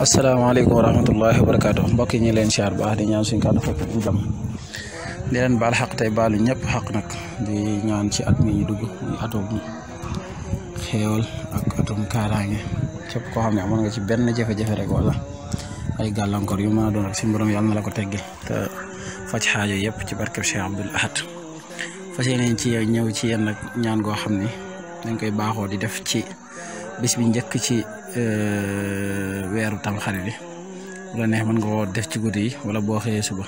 assalamualaikum warahmatullahi wabarakatuh mbok ñi leen ciar baax di ñaan suñu kaddu fop bu dam di leen baal haq tay baalu ñepp haq nak di ñaan ci at mi ñu dugg ato bu xewal ak atum kaaraange ci ko xamne amon nga ci benn jafé jafé rek wala ay galankor yu mën a doon ak suñu borom yalla na la ko teggé te ci haajo yépp ci barkeb Cheikh abdul Ahad fas yéeneen ci ñew ci yeen nak ñaan go xamne ni dañ koy baaxoo di def ci bis njëkk ci euh, weeru tamxarit bi bu la neex mën nga koo def ci guddi yi wala boo xëyee suba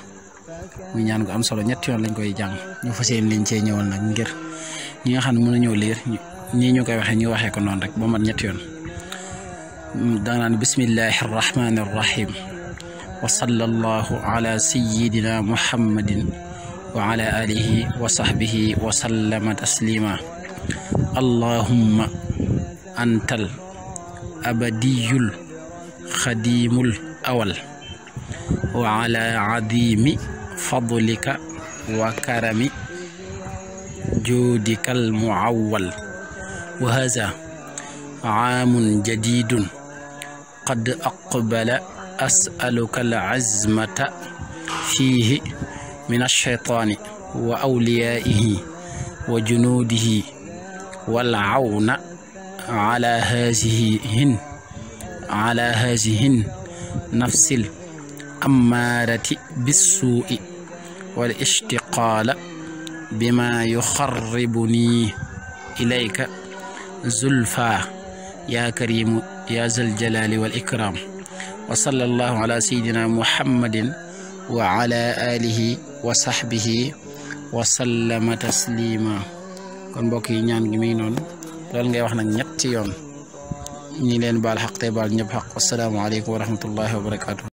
muy ñaan ko am solo ñetti yoon lañ koy jàng ñu fas yéene liñ cee ñëwoon nag ngir ñi nga xam ne a ñëw liir nii ñu koy waxee ñu waxee ko noonu rek ba mat ñetti yoon danaan bismillahi arrahmani arrahim wa sallallahu ala sayidina muhammadin wa ala alihi wa sahbihi wa sallama taslima اللهم أنت الأبدي الخديم الأول وعلى عظيم فضلك وكرم جودك المعول وهذا عام جديد قد أقبل أسألك العزمة فيه من الشيطان وأوليائه وجنوده والعون على هذهن على هذهن نفس الأمارة بالسوء والاشتقال بما يخربني إليك زلفى يا كريم يا ذا الجلال والإكرام وصلى الله على سيدنا محمد وعلى آله وصحبه وسلم تسليما kon mbokk yi ñaan gi muy noonu loolu ngay wax nag ñetti yoon ñi leen baal xaq tey baal ñëpp xaq asalaamaaleykum wa rahmatullahi wa barakaatu.